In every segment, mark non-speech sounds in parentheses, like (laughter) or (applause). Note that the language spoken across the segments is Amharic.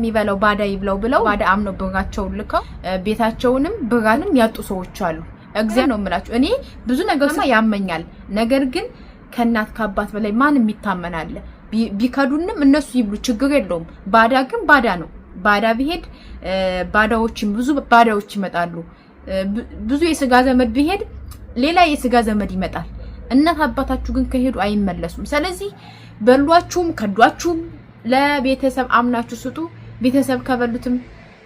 የሚበላው ባዳ ይብለው ብለው ባዳ አምነው ብራቸውን ልከው ቤታቸውንም ብራንም ያጡ ሰዎች አሉ። እግዚአብሔር ነው የምላችሁ። እኔ ብዙ ነገር ያመኛል። ነገር ግን ከእናት ከአባት በላይ ማንም ይታመናል። ቢከዱንም እነሱ ይብሉ፣ ችግር የለውም። ባዳ ግን ባዳ ነው። ባዳ ቢሄድ ባዳዎችን ብዙ ባዳዎች ይመጣሉ። ብዙ የስጋ ዘመድ ቢሄድ ሌላ የስጋ ዘመድ ይመጣል። እናት አባታችሁ ግን ከሄዱ አይመለሱም። ስለዚህ በሏችሁም ከዷችሁም ለቤተሰብ አምናችሁ ስጡ። ቤተሰብ ከበሉትም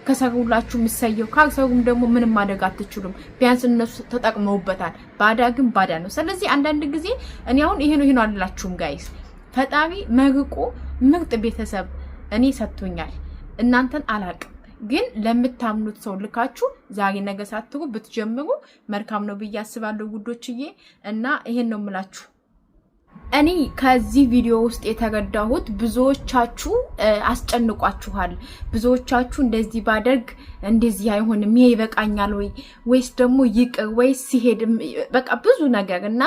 ከሰሩላችሁ የምሰየው ካልሰሩም ደግሞ ምንም ማድረግ አትችሉም። ቢያንስ እነሱ ተጠቅመውበታል። ባዳ ግን ባዳ ነው። ስለዚህ አንዳንድ ጊዜ እኔ አሁን ይሄ ነው ይሄ ነው ጋይስ። ፈጣሪ መርቆ ምርጥ ቤተሰብ እኔ ሰጥቶኛል። እናንተን አላቅም ግን ለምታምኑት ሰው ልካችሁ ዛሬ ነገ ሳትሩ ብትጀምሩ መልካም ነው ብዬ አስባለሁ ውዶችዬ እና ይሄን ነው የምላችሁ። እኔ ከዚህ ቪዲዮ ውስጥ የተረዳሁት ብዙዎቻችሁ አስጨንቋችኋል። ብዙዎቻችሁ እንደዚህ ባደርግ እንደዚህ አይሆንም፣ ይሄ ይበቃኛል ወይ ወይስ ደግሞ ይቅር ወይ ሲሄድ በቃ ብዙ ነገር እና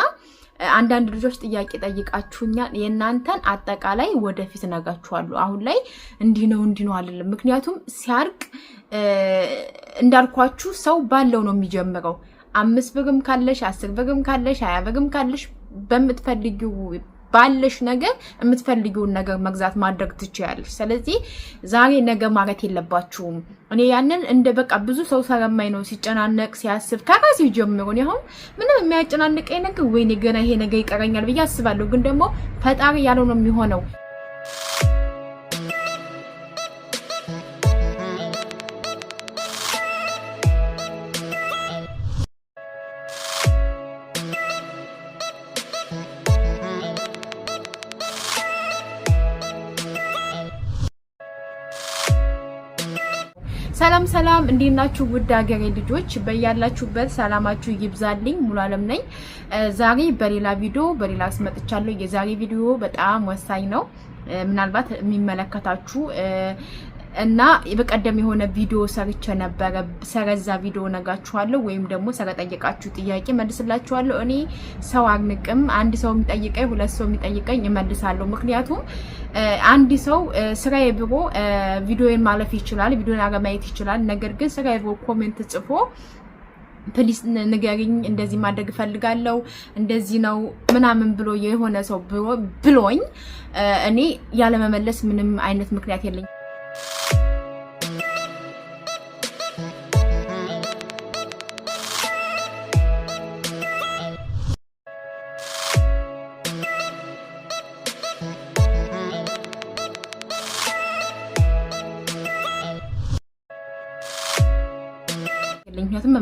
አንዳንድ ልጆች ጥያቄ ጠይቃችሁኛል። የእናንተን አጠቃላይ ወደፊት ነጋችኋሉ። አሁን ላይ እንዲህ ነው እንዲህ ነው አይደለም። ምክንያቱም ሲያርቅ እንዳልኳችሁ ሰው ባለው ነው የሚጀምረው። አምስት ብርም ካለሽ አስር ብርም ካለሽ ሀያ ብርም ካለሽ በምትፈልጊው ባለሽ ነገር የምትፈልጊውን ነገር መግዛት ማድረግ ትችያለሽ። ስለዚህ ዛሬ ነገ ማለት የለባችሁም። እኔ ያንን እንደ በቃ ብዙ ሰው ሰረማኝ ነው ሲጨናነቅ ሲያስብ ከራሴ ጀምሮ እኔ አሁን ምንም የሚያጨናንቀኝ ነገር ወይኔ ገና ይሄ ነገር ይቀረኛል ብዬ አስባለሁ። ግን ደግሞ ፈጣሪ ያለው ነው የሚሆነው። ሰላም ሰላም፣ እንዴት ናችሁ? ውድ ሀገሬ ልጆች በያላችሁበት ሰላማችሁ ይብዛልኝ። ሙሉ አለም ነኝ። ዛሬ በሌላ ቪዲዮ በሌላ አስመጥቻለሁ። የዛሬ ቪዲዮ በጣም ወሳኝ ነው። ምናልባት የሚመለከታችሁ እና በቀደም የሆነ ቪዲዮ ሰርቼ ነበረ። ሰረዛ ቪዲዮ ነጋችኋለሁ ወይም ደግሞ ሰረጠየቃችሁ ጥያቄ መልስላችኋለሁ። እኔ ሰው አንቅም። አንድ ሰው የሚጠይቀኝ ሁለት ሰው የሚጠይቀኝ እመልሳለሁ። ምክንያቱም አንድ ሰው ስራዬ ብሎ ቪዲዮን ማለፍ ይችላል፣ ቪዲዮን አለማየት ይችላል። ነገር ግን ስራዬ ብሎ ኮሜንት ጽፎ ፕሊስ ንገሪኝ፣ እንደዚህ ማድረግ እፈልጋለሁ፣ እንደዚህ ነው ምናምን ብሎ የሆነ ሰው ብሎኝ እኔ ያለመመለስ ምንም አይነት ምክንያት የለኝም። you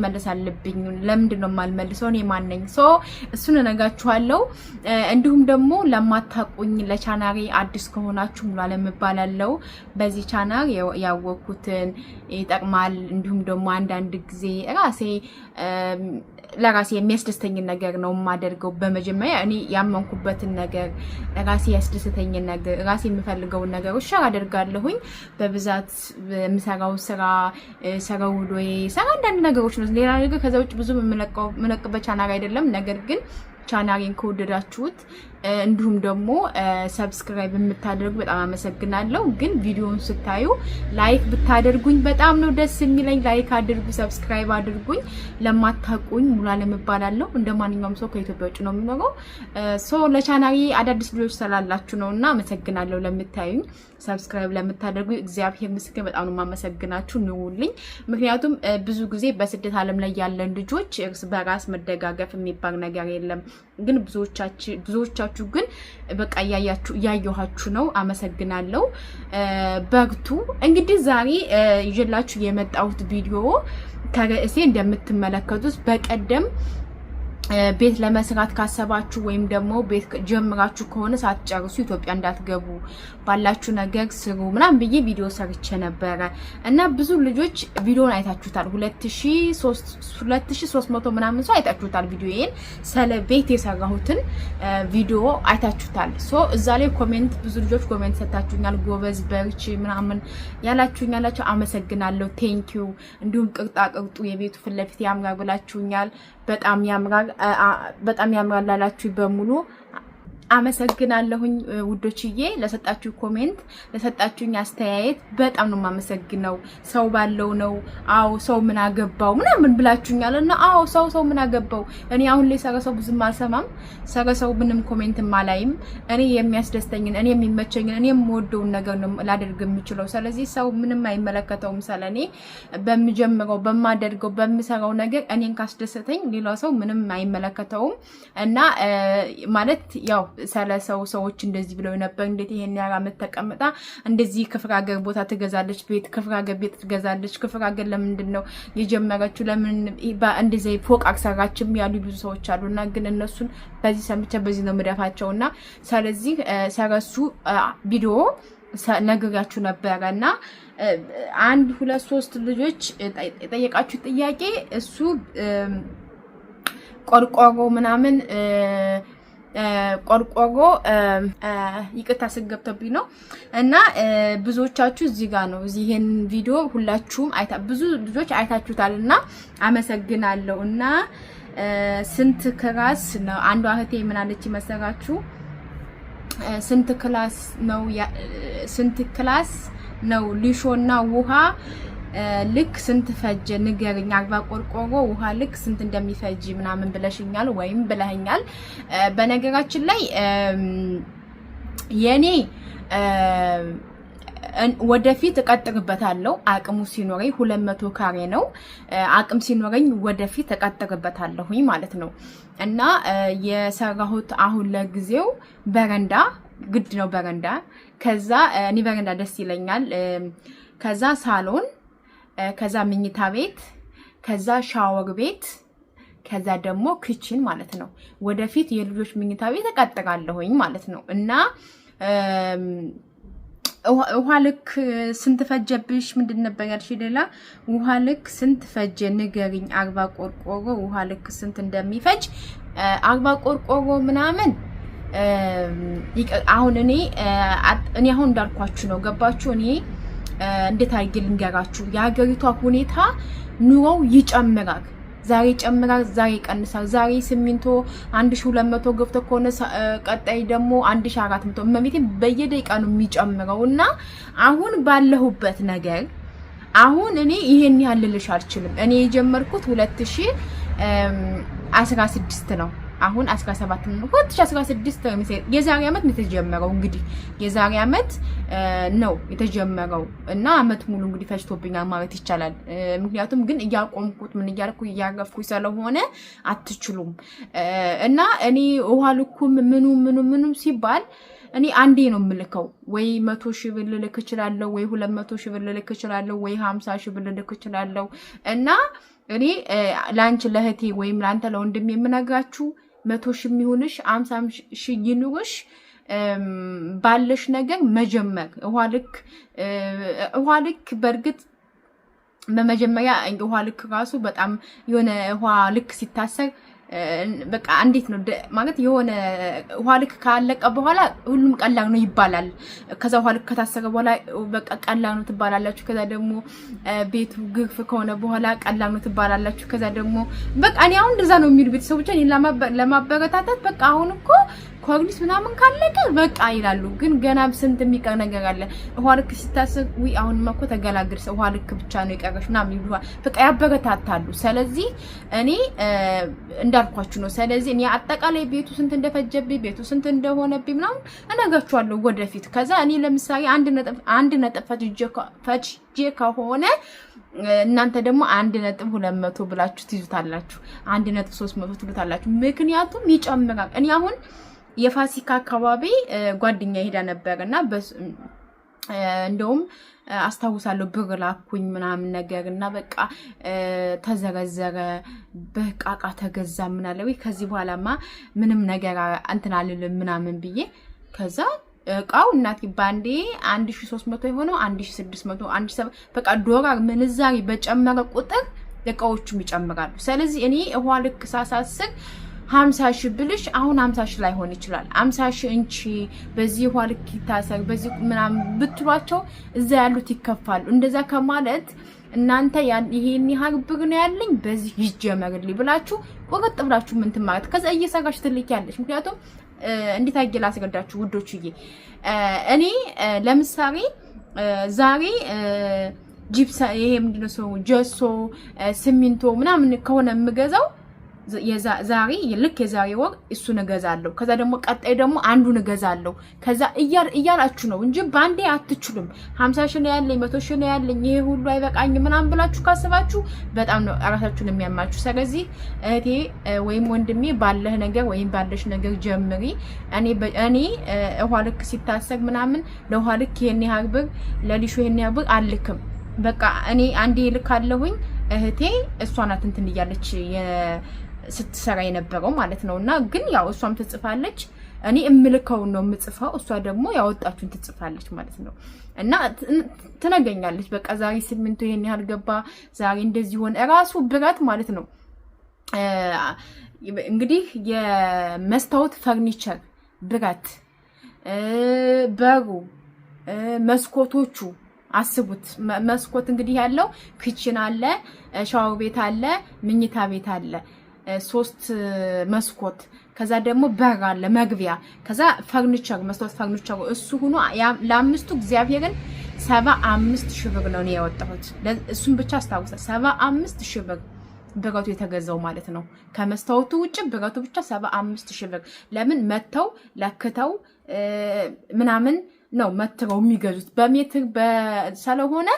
መመለስ አለብኝ። ለምንድን ነው የማልመልሰው? እኔ ማነኝ? ነኝ? ሶ እሱን እነጋችኋለሁ። እንዲሁም ደግሞ ለማታቁኝ ለቻናሪ አዲስ ከሆናችሁ ሙሉ አለም እባላለሁ። በዚህ ቻናል ያወቅኩትን ይጠቅማል፣ እንዲሁም ደግሞ አንዳንድ ጊዜ ራሴ ለራሴ የሚያስደስተኝን ነገር ነው የማደርገው። በመጀመሪያ እኔ ያመንኩበትን ነገር ራሴ ያስደስተኝን ነገር ራሴ የምፈልገውን ነገር ሸር አደርጋለሁኝ። በብዛት የምሰራው ስራ ሰረውዶዬ ሰራ አንዳንድ ነገሮች ነው ነው። ሌላ ነገር ከዛ ውጭ ብዙ የምለቅበት ቻናል አይደለም። ነገር ግን ቻናሌን ከወደዳችሁት እንዲሁም ደግሞ ሰብስክራይብ የምታደርጉ በጣም አመሰግናለሁ። ግን ቪዲዮውን ስታዩ ላይክ ብታደርጉኝ በጣም ነው ደስ የሚለኝ። ላይክ አድርጉ፣ ሰብስክራይብ አድርጉኝ። ለማታውቁኝ ሙሉዓለም እባላለሁ። እንደ ማንኛውም ሰው ከኢትዮጵያ ውጭ ነው የሚኖረው። ሰው ለቻናሌ አዳዲስ ልጆች ስላላችሁ ነው እና አመሰግናለሁ። ለምታዩኝ፣ ሰብስክራይብ ለምታደርጉኝ እግዚአብሔር ምስክር በጣም ነው የማመሰግናችሁ። ንውልኝ ምክንያቱም ብዙ ጊዜ በስደት ዓለም ላይ ያለን ልጆች እርስ በራስ መደጋገፍ የሚባል ነገር የለም። ግን ብዙዎቻችሁ ግን በቃ እያየኋችሁ ነው። አመሰግናለሁ። በግቱ እንግዲህ ዛሬ ይዤላችሁ የመጣሁት ቪዲዮ ከርዕሴ እንደምትመለከቱት በቀደም ቤት ለመስራት ካሰባችሁ ወይም ደግሞ ቤት ጀምራችሁ ከሆነ ሳትጨርሱ ኢትዮጵያ እንዳትገቡ ባላችሁ ነገር ስሩ ምናምን ብዬ ቪዲዮ ሰርቼ ነበረ እና ብዙ ልጆች ቪዲዮን አይታችሁታል። መቶ ምናምን ሰው አይታችሁታል። ቪዲዮዬን ስለ ቤት የሰራሁትን ቪዲዮ አይታችሁታል። ሶ እዛ ላይ ኮሜንት ብዙ ልጆች ኮሜንት ሰታችሁኛል። ጎበዝ በርች ምናምን ያላችሁኛላቸው አመሰግናለሁ። ቴንኪዩ እንዲሁም ቅርጣ ቅርጡ የቤቱ ፊት ለፊት ብላችሁኛል። በጣም ያምራል በጣም ያምራል ላላችሁ በሙሉ አመሰግናለሁኝ ውዶችዬ፣ ለሰጣችሁ ኮሜንት፣ ለሰጣችሁኝ አስተያየት በጣም ነው የማመሰግነው። ሰው ባለው ነው። አዎ ሰው ምን አገባው ምናምን ብላችሁኛል እና አዎ ሰው ሰው ምን አገባው። እኔ አሁን ላይ ሰረሰው ብዙም አልሰማም፣ ሰረ ምንም ኮሜንት አላይም። እኔ የሚያስደስተኝን፣ እኔ የሚመቸኝን፣ እኔ የምወደውን ነገር ነው ላደርግ የምችለው። ስለዚህ ሰው ምንም አይመለከተውም ስለ እኔ። በምጀምረው፣ በማደርገው፣ በምሰራው ነገር እኔን ካስደሰተኝ ሌላ ሰው ምንም አይመለከተውም እና ማለት ያው ሰለሰው ሰዎች እንደዚህ ብለው ነበር። እንዴት ይሄን ያህል ዓመት ተቀምጣ እንደዚህ ክፍለ ሀገር ቦታ ትገዛለች፣ ቤት ክፍለ ሀገር ቤት ትገዛለች። ክፍለ ሀገር ለምንድን ነው የጀመረችው? ለምን እንደዚህ ፎቅ አልሰራችም? ያሉ ብዙ ሰዎች አሉ። እና ግን እነሱን በዚህ ሰምቼ በዚህ ነው ምደፋቸው እና ስለዚህ ሰረሱ ቪዲዮ ነግሪያችሁ ነበረ እና አንድ ሁለት ሶስት ልጆች የጠየቃችሁ ጥያቄ እሱ ቆርቆሮ ምናምን ቆርቆጎ ይቅርታ ስገብተብኝ ነው እና ብዙዎቻችሁ እዚህ ጋር ነው እዚህ ይሄን ቪዲዮ ሁላችሁም አይታ ብዙ ልጆች አይታችሁታል እና አመሰግናለሁ እና ስንት ክላስ ነው አንዷ እህቴ ምናለች መሰራችሁ ስንት ክላስ ነው ስንት ክላስ ነው ሊሾና ውሃ ልክ ስንት ፈጀ ንገርኝ። አርባ ቆርቆሮ ውሃ ልክ ስንት እንደሚፈጅ ምናምን ብለሽኛል ወይም ብለህኛል በነገራችን ላይ የኔ ወደፊት እቀጥርበታለሁ አቅሙ ሲኖረኝ ሁለት መቶ ካሬ ነው። አቅም ሲኖረኝ ወደፊት እቀጥርበታለሁኝ ማለት ነው። እና የሰራሁት አሁን ለጊዜው በረንዳ ግድ ነው በረንዳ። ከዛ እኔ በረንዳ ደስ ይለኛል። ከዛ ሳሎን ከዛ ምኝታ ቤት፣ ከዛ ሻወር ቤት፣ ከዛ ደግሞ ክችን ማለት ነው። ወደፊት የልጆች ምኝታ ቤት እቀጥቃለሁኝ ማለት ነው እና ውሃ ልክ ስንት ፈጀብሽ? ምንድን ነበር ያልሽ? ሌላ ውሃ ልክ ስንት ፈጀ አርባ ቆርቆሮ ውሃ ልክ ስንት እንደሚፈጅ አርባ ቆርቆሮ ምናምን አሁን እኔ እኔ አሁን እንዳልኳችሁ ነው። ገባችሁ እኔ እንዴት አድርጌ ልንገራችሁ? የሀገሪቷ ሁኔታ ኑሮው ይጨምራል። ዛሬ ይጨምራል፣ ዛሬ ይቀንሳል። ዛሬ ሲሚንቶ 1200 ገብቶ ከሆነ ቀጣይ ደግሞ 1400 እመቤቴ በየደቂቃ ነው የሚጨምረው እና አሁን ባለሁበት ነገር አሁን እኔ ይሄን ያልልሽ አልችልም። እኔ የጀመርኩት 2016 ነው አሁን 17 ነው 2016 የዛሬ ዓመት ነው የተጀመረው። እንግዲህ የዛሬ ዓመት ነው የተጀመረው እና ዓመት ሙሉ እንግዲህ ፈጅቶብኛል ማለት ይቻላል። ምክንያቱም ግን እያቆምኩት ምን እያልኩ እያረፍኩ ስለሆነ አትችሉም እና እኔ ውሃ ልኩም ምኑ ምኑ ምኑም ሲባል እኔ አንዴ ነው የምልከው። ወይ መቶ ሺህ ብር ልልክ እችላለሁ፣ ወይ ሁለት መቶ ሺህ ብር ልልክ እችላለሁ፣ ወይ ሀምሳ ሺህ ብር ልልክ እችላለሁ እና እኔ ለአንቺ ለእህቴ ወይም ለአንተ ለወንድም የምነግራችሁ መቶ ሺ የሚሆንሽ አምሳ ሺ ይኑርሽ ባለሽ ነገር መጀመር ውሃ ልክ ውሃ ልክ በእርግጥ በመጀመሪያ ውሃ ልክ ራሱ በጣም የሆነ ውሃ ልክ ሲታሰር በቃ እንዴት ነው ማለት የሆነ ውሃ ልክ ካለቀ በኋላ ሁሉም ቀላል ነው ይባላል። ከዛ ውሃ ልክ ከታሰቀ በኋላ በቃ ቀላል ነው ትባላላችሁ። ከዛ ደግሞ ቤቱ ግፍ ከሆነ በኋላ ቀላል ነው ትባላላችሁ። ከዛ ደግሞ በቃ እኔ አሁን እንደዛ ነው የሚሉ ቤተሰቦች ለማበረታታት በቃ አሁን እኮ ኮግኒስ ምናምን ካለቀ በቃ ይላሉ። ግን ገና ስንት የሚቀር ነገር አለ። ውሃ ልክ ሲታሰብ ዊ አሁን እኮ ተገላግል ውሃ ልክ ብቻ ነው የቀረሽ ምናምን ይሉሃል። በቃ ያበረታታሉ። ስለዚህ እኔ እንዳልኳችሁ ነው። ስለዚህ እኔ አጠቃላይ ቤቱ ስንት እንደፈጀብኝ ቤቱ ስንት እንደሆነብኝ ምናምን እነግራችኋለሁ ወደፊት። ከዛ እኔ ለምሳሌ አንድ ነጥብ ፈጅጄ ከሆነ እናንተ ደግሞ አንድ ነጥብ ሁለት መቶ ብላችሁ ትይዙታላችሁ። አንድ ነጥብ ሶስት መቶ ትሉታላችሁ። ምክንያቱም ይጨምራል። እኔ አሁን የፋሲካ አካባቢ ጓደኛ ሄዳ ነበር እና እንደውም አስታውሳለሁ ብር ላኩኝ ምናምን ነገር እና በቃ ተዘረዘረ፣ በቃቃ ተገዛ ምናለ ከዚህ በኋላማ ምንም ነገር እንትን አልልም ምናምን ብዬ ከዛ እቃው እናቴ ባንዴ አንድ ሺ ሶስት መቶ የሆነው አንድ ሺ ስድስት መቶ አንድ ሰ በቃ ዶላር ምንዛሬ በጨመረ ቁጥር እቃዎቹም ይጨምራሉ። ስለዚህ እኔ ውሃ ልክ ሳሳስር ሀምሳ ሺ ብልሽ አሁን ሀምሳ ሺህ ላይሆን ይችላል። ሀምሳ ሺ እንቺ በዚህ ዋልክ ይታሰር በዚህ ምናምን ብትሏቸው እዛ ያሉት ይከፋሉ። እንደዛ ከማለት እናንተ ይሄን ያህል ብር ነው ያለኝ በዚህ ይጀመርልኝ ብላችሁ ቁርጥ ብላችሁ ምን ትማረት ከዛ እየሰራችሁ ትልክ ያለች ምክንያቱም እንዴት አጌ ላስረዳችሁ ውዶችዬ፣ እኔ ለምሳሌ ዛሬ ጂፕሳ ይሄ ምንድነው ሰው ጀሶ ሲሚንቶ ምናምን ከሆነ የምገዛው ዛሬ ልክ የዛሬ ወር እሱን እገዛለሁ፣ ከዛ ደግሞ ቀጣይ ደግሞ አንዱን እገዛለሁ። ከዛ እያላችሁ ነው እንጂ በአንዴ አትችሉም። ሀምሳ ሺ ነው ያለኝ፣ መቶ ሺ ነው ያለኝ፣ ይሄ ሁሉ አይበቃኝ ምናምን ብላችሁ ካስባችሁ በጣም ነው እራሳችሁን የሚያማችሁ። ስለዚህ እህቴ ወይም ወንድሜ ባለህ ነገር ወይም ባለሽ ነገር ጀምሪ። እኔ ውሃ ልክ ሲታሰር ምናምን ለውሃ ልክ ይሄን ያህል ብር ለሊሾ ይሄን ያህል ብር አልክም። በቃ እኔ አንዴ ልካለሁኝ። እህቴ እሷ ናት እንትን እያለች ስትሰራ የነበረው ማለት ነው። እና ግን ያው እሷም ትጽፋለች፣ እኔ እምልከውን ነው የምጽፈው፣ እሷ ደግሞ ያወጣችሁን ትጽፋለች ማለት ነው። እና ትነገኛለች፣ በቃ ዛሬ ስምንቱ ይሄን ያህል ገባ፣ ዛሬ እንደዚህ ሆነ። እራሱ ብረት ማለት ነው እንግዲህ የመስታወት ፈርኒቸር ብረት፣ በሩ፣ መስኮቶቹ አስቡት። መስኮት እንግዲህ ያለው ክችን አለ፣ ሻወር ቤት አለ፣ ምኝታ ቤት አለ። ሶስት መስኮት ከዛ ደግሞ በር አለ መግቢያ፣ ከዛ ፈርኒቸር መስታወት ፈርኒቸር እሱ ሆኖ ለአምስቱ እግዚአብሔርን ሰባ አምስት ሺህ ብር ነው እኔ ያወጣሁት። እሱም ብቻ አስታውሰ ሰባ አምስት ሺህ ብር ብረቱ የተገዛው ማለት ነው። ከመስታወቱ ውጭ ብረቱ ብቻ ሰባ አምስት ሺህ ብር። ለምን መተው ለክተው ምናምን ነው መትረው የሚገዙት በሜትር ስለሆነ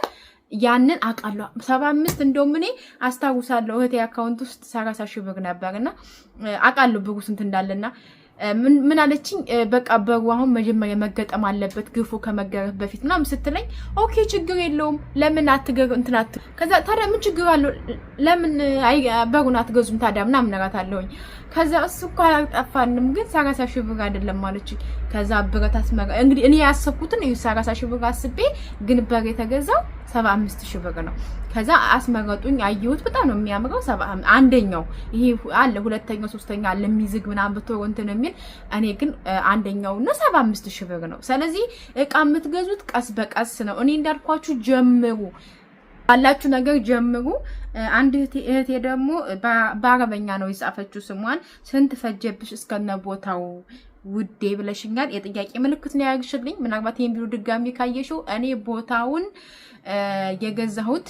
ያንን አውቃለሁ። ሰባ አምስት እንደውም እኔ አስታውሳለሁ እህቴ አካውንት ውስጥ ሰላሳ ሺህ ብር ነበር እና አውቃለሁ ብሩ ስንት እንዳለና ምን አለችኝ፣ በቃ በሩ አሁን መጀመሪያ መገጠም አለበት ግርፎ ከመገረፍ በፊት ምናምን ስትለኝ፣ ኦኬ ችግር የለውም ለምን አትገር እንትን አት ከዛ ታዲያ ምን ችግር አለው ለምን በሩን አትገዙም ታዲያ ምናምን እላታለሁኝ። ከዛ እሱ እኮ አላጠፋንም ግን ሰላሳ ሺህ ብር አይደለም ማለች። ከዛ ብረት አስመራ እንግዲህ እኔ ያሰብኩትን እዩ ሰላሳ ሺህ ብር አስቤ ግን በር የተገዛው ሰባ አምስት ሺህ ብር ነው። ከዛ አስመረጡኝ፣ አየሁት። በጣም ነው የሚያምረው። አንደኛው ይሄ አለ፣ ሁለተኛው፣ ሶስተኛ አለ የሚዝግ ምናምን ብትወር እንትን የሚል እኔ ግን አንደኛው ነው ሰባ አምስት ሺህ ብር ነው። ስለዚህ እቃ የምትገዙት ቀስ በቀስ ነው። እኔ እንዳልኳችሁ ጀምሩ። ባላችሁ ነገር ጀምሩ። አንድ እህቴ ደግሞ በአረበኛ ነው የጻፈችው ስሟን ስንት ፈጀብሽ እስከነ ቦታው ውዴ ብለሽኛል። የጥያቄ ምልክት ነው ያግሽልኝ። ምናልባት ይህን ቢሮ ድጋሚ ካየሽው እኔ ቦታውን የገዛሁት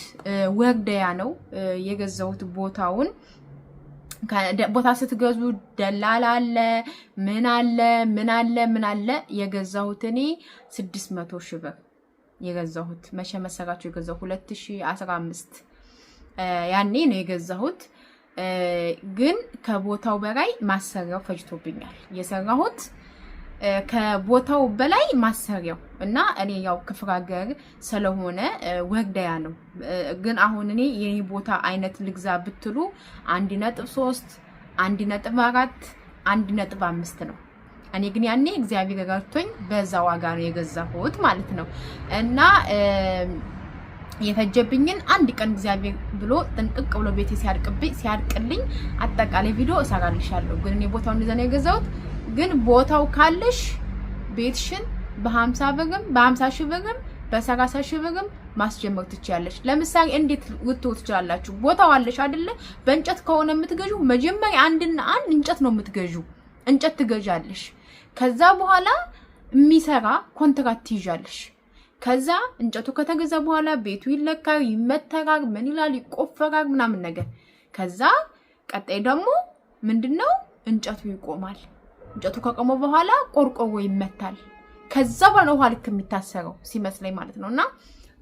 ወርደያ ነው የገዛሁት ቦታውን ቦታ ስትገዙ ደላላ አለ፣ ምን አለ ምን አለ ምን አለ። የገዛሁት እኔ ስድስት መቶ ሺህ ብር የገዛሁት መቼ መሰራችሁ? የገዛሁ 2015 ያኔ ነው የገዛሁት። ግን ከቦታው በላይ ማሰሪያው ፈጅቶብኛል የሰራሁት ከቦታው በላይ ማሰሪያው እና እኔ ያው ክፍለ ሀገር ስለሆነ ወርዳያ ነው። ግን አሁን እኔ የኔ ቦታ አይነት ልግዛ ብትሉ አንድ ነጥብ ሶስት አንድ ነጥብ አራት አንድ ነጥብ አምስት ነው እኔ ግን ያኔ እግዚአብሔር ረድቶኝ በዛ ዋጋ ነው የገዛሁት ማለት ነው እና የፈጀብኝን አንድ ቀን እግዚአብሔር ብሎ ጥንቅቅ ብሎ ቤቴ ሲያርቅብኝ ሲያድቅልኝ አጠቃላይ ቪዲዮ እሰራልሻለሁ። ግን እኔ ቦታው ይዘን ነው የገዛሁት። ግን ቦታው ካለሽ ቤትሽን በ50 ብርም በ50 ሺህ ብርም በሰላሳ ሺህ ብርም ማስጀመር ትችያለሽ። ለምሳሌ እንዴት ልትወጡ ትችላላችሁ? ቦታው አለሽ አይደለ? በእንጨት ከሆነ የምትገዡ መጀመሪያ አንድና አንድ እንጨት ነው የምትገዡ። እንጨት ትገዣለሽ። ከዛ በኋላ የሚሰራ ኮንትራት ትይዣለሽ። ከዛ እንጨቱ ከተገዛ በኋላ ቤቱ ይለካል፣ ይመተራል፣ ምን ይላል፣ ይቆፈራል ምናምን ነገር። ከዛ ቀጣይ ደግሞ ምንድን ነው እንጨቱ ይቆማል። እንጨቱ ከቆመ በኋላ ቆርቆሮ ይመታል። ከዛ በኋላ ውሃ ልክ የሚታሰረው ሲመስለኝ ማለት ነው እና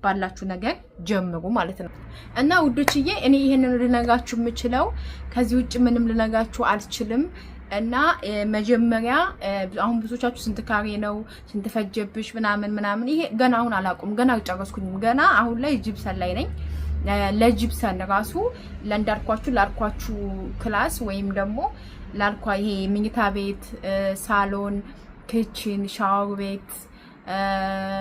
ባላችሁ ነገር ጀምሩ ማለት ነው እና ውዶችዬ፣ እኔ ይህንን ልነጋችሁ የምችለው ከዚህ ውጭ ምንም ልነጋችሁ አልችልም። እና መጀመሪያ አሁን ብዙዎቻችሁ ስንት ካሬ ነው ስንት ፈጀብሽ ምናምን ምናምን፣ ይሄ ገና አሁን አላውቁም፣ ገና አልጨረስኩኝም። ገና አሁን ላይ ጅብሰን ላይ ነኝ። ለጅብሰን ራሱ ለእንዳልኳችሁ ላልኳችሁ ክላስ ወይም ደግሞ ላልኳ ይሄ ምኝታ ቤት፣ ሳሎን፣ ክችን፣ ሻወር ቤት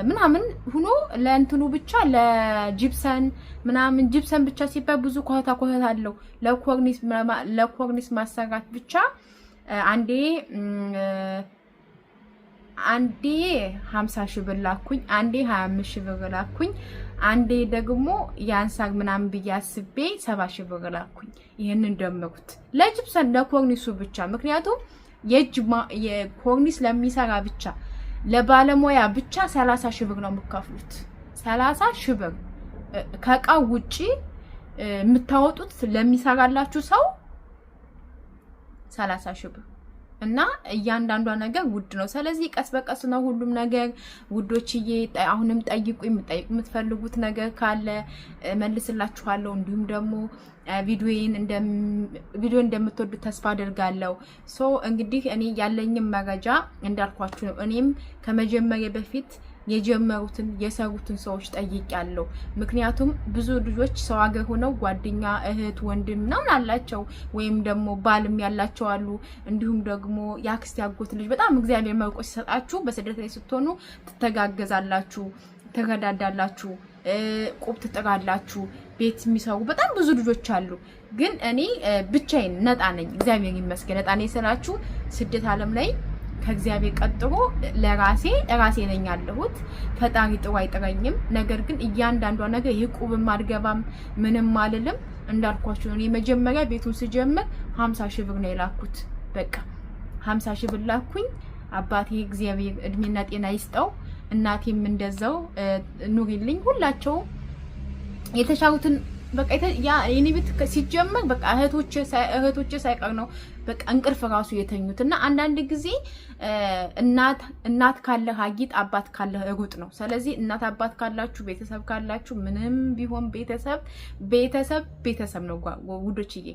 ምናምን ሁኖ ለእንትኑ ብቻ ለጅብሰን ምናምን ጅብሰን ብቻ ሲባል ብዙ ኮህታ ኮህታ አለው። ለኮርኒስ ማሰራት ብቻ አንዴ አንዴ 50 ሺህ ብር ላኩኝ፣ አንዴ 25 ሺህ ብር ላኩኝ፣ አንዴ ደግሞ የአንሳር ምናምን ብዬ አስቤ 70 ሺህ ብር ላኩኝ። ይህንን ደመሩት ለጅብሰን ለኮርኒሱ ብቻ። ምክንያቱም የእጅ ኮርኒስ ለሚሰራ ብቻ ለባለሙያ ብቻ 30 ሺህ ብር ነው የምከፍሉት። 30 ሺህ ብር ከእቃው ውጪ የምታወጡት ለሚሰራላችሁ ሰው ሰላሳ ሺህ ብር እና እያንዳንዷ ነገር ውድ ነው። ስለዚህ ቀስ በቀስ ነው ሁሉም ነገር ውዶችዬ። አሁንም ጠይቁ፣ የምጠይቁ የምትፈልጉት ነገር ካለ መልስላችኋለሁ። እንዲሁም ደግሞ ቪዲዮ እንደምትወዱ ተስፋ አድርጋለሁ። ሶ እንግዲህ እኔ ያለኝም መረጃ እንዳልኳችሁ ነው። እኔም ከመጀመሪያ በፊት የጀመሩትን የሰሩትን ሰዎች ጠይቄያለሁ። ምክንያቱም ብዙ ልጆች ሰው ሀገር ሆነው ጓደኛ፣ እህት፣ ወንድም ምናምን አላቸው ወይም ደግሞ ባልም ያላቸው አሉ። እንዲሁም ደግሞ የአክስት ያጎት ልጅ በጣም እግዚአብሔር መርቆ ሲሰጣችሁ በስደት ላይ ስትሆኑ ትተጋገዛላችሁ። ተገዳዳላችሁ፣ ቁብ ትጥጋላችሁ፣ ቤት የሚሰሩ በጣም ብዙ ልጆች አሉ። ግን እኔ ብቻዬን ነጣ ነኝ፣ እግዚአብሔር ይመስገን። ነጣ ነኝ ስላችሁ ስደት ዓለም ላይ ከእግዚአብሔር ቀጥሮ ለራሴ ራሴ ነኝ ያለሁት። ፈጣሪ ጥሩ አይጥረኝም። ነገር ግን እያንዳንዷ ነገር ይህ ቁብም አልገባም ምንም አልልም። እንዳልኳቸው እኔ መጀመሪያ ቤቱን ስጀምር ሀምሳ ሺህ ብር ነው የላኩት። በቃ ሀምሳ ሺህ ብር ላኩኝ። አባቴ እግዚአብሔር እድሜና ጤና ይስጠው። እናቴም እንደዛው ኑሪልኝ። ሁላቸው የተሻሉትን በቃ ያ የኔ ቤት ሲጀመር በቃ እህቶቼ እህቶቼ ሳይቀር ነው በቃ እንቅልፍ ራሱ የተኙት። እና አንዳንድ ጊዜ እናት እናት ካለህ አጊጥ አባት ካለህ እሩጥ ነው። ስለዚህ እናት አባት ካላችሁ ቤተሰብ ካላችሁ ምንም ቢሆን ቤተሰብ ቤተሰብ ቤተሰብ ነው። ውዶችዬ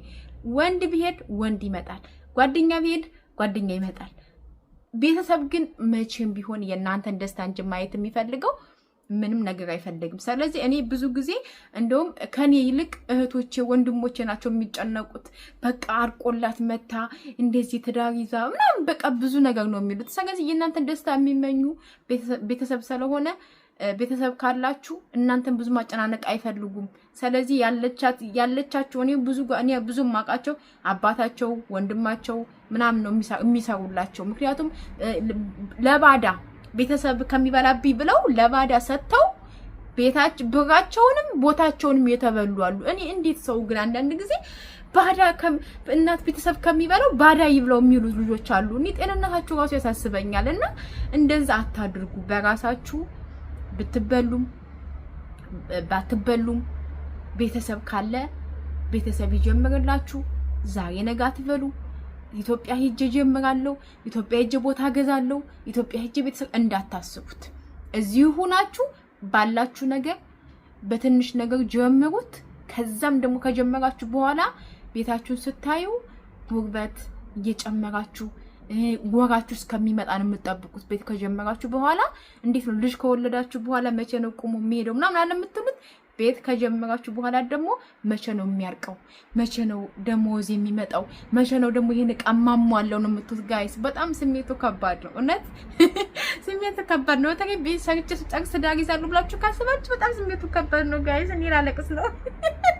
ወንድ ቢሄድ ወንድ ይመጣል፣ ጓደኛ ቢሄድ ጓደኛ ይመጣል። ቤተሰብ ግን መቼም ቢሆን የእናንተን ደስታ እንጂ ማየት የሚፈልገው ምንም ነገር አይፈልግም። ስለዚህ እኔ ብዙ ጊዜ እንደውም ከኔ ይልቅ እህቶቼ ወንድሞቼ ናቸው የሚጨነቁት። በቃ አርቆላት መታ እንደዚህ ትዳር ይዛ ምናምን በቃ ብዙ ነገር ነው የሚሉት። ስለዚህ የእናንተን ደስታ የሚመኙ ቤተሰብ ስለሆነ ቤተሰብ ካላችሁ እናንተን ብዙ ማጨናነቅ አይፈልጉም። ስለዚህ ያለቻቸው እኔ ብዙ እኔ ብዙ ማቃቸው አባታቸው ወንድማቸው ምናምን ነው የሚሰሩላቸው። ምክንያቱም ለባዳ ቤተሰብ ከሚበላብኝ ብለው ለባዳ ሰጥተው ቤታች ብራቸውንም ቦታቸውንም የተበሉ አሉ። እኔ እንዴት ሰው ግን አንዳንድ ጊዜ ባዳ እናት ቤተሰብ ከሚበላው ባዳ ይብለው የሚሉ ልጆች አሉ። እኔ ጤንነታቸው ራሱ ያሳስበኛል እና እንደዛ አታድርጉ በራሳችሁ ብትበሉም ባትበሉም ቤተሰብ ካለ ቤተሰብ ይጀምርላችሁ። ዛሬ ነገ አትበሉ። ኢትዮጵያ ሄጄ ጀምራለሁ፣ ኢትዮጵያ ሄጄ ቦታ ገዛለሁ፣ ኢትዮጵያ ሄጄ ቤተሰብ እንዳታስቡት። እዚሁ ሁናችሁ ባላችሁ ነገር በትንሽ ነገር ጀምሩት። ከዛም ደግሞ ከጀመራችሁ በኋላ ቤታችሁን ስታዩ ጉርበት እየጨመራችሁ ወጋችሁ እስከሚመጣ ነው የምጠብቁት። ቤት ከጀመራችሁ በኋላ እንዴት ነው ልጅ ከወለዳችሁ በኋላ መቼ ነው ቁሙ የሚሄደው ምናምን አለ የምትሉት። ቤት ከጀመራችሁ በኋላ ደግሞ መቼ ነው የሚያርቀው? መቼ ነው ደሞዝ የሚመጣው? መቼ ነው ደግሞ ይህን ዕቃ ማሟለው ነው የምትሉት። ጋይስ በጣም ስሜቱ ከባድ ነው። እውነት (laughs) ስሜቱ ከባድ ነው። በተለይ ቤት ሰርቼ ስጨርስ ዳር ይዛሉ ብላችሁ ካስባችሁ በጣም ስሜቱ ከባድ ነው ጋይስ። እኔ ላለቅስ ነው። (laughs)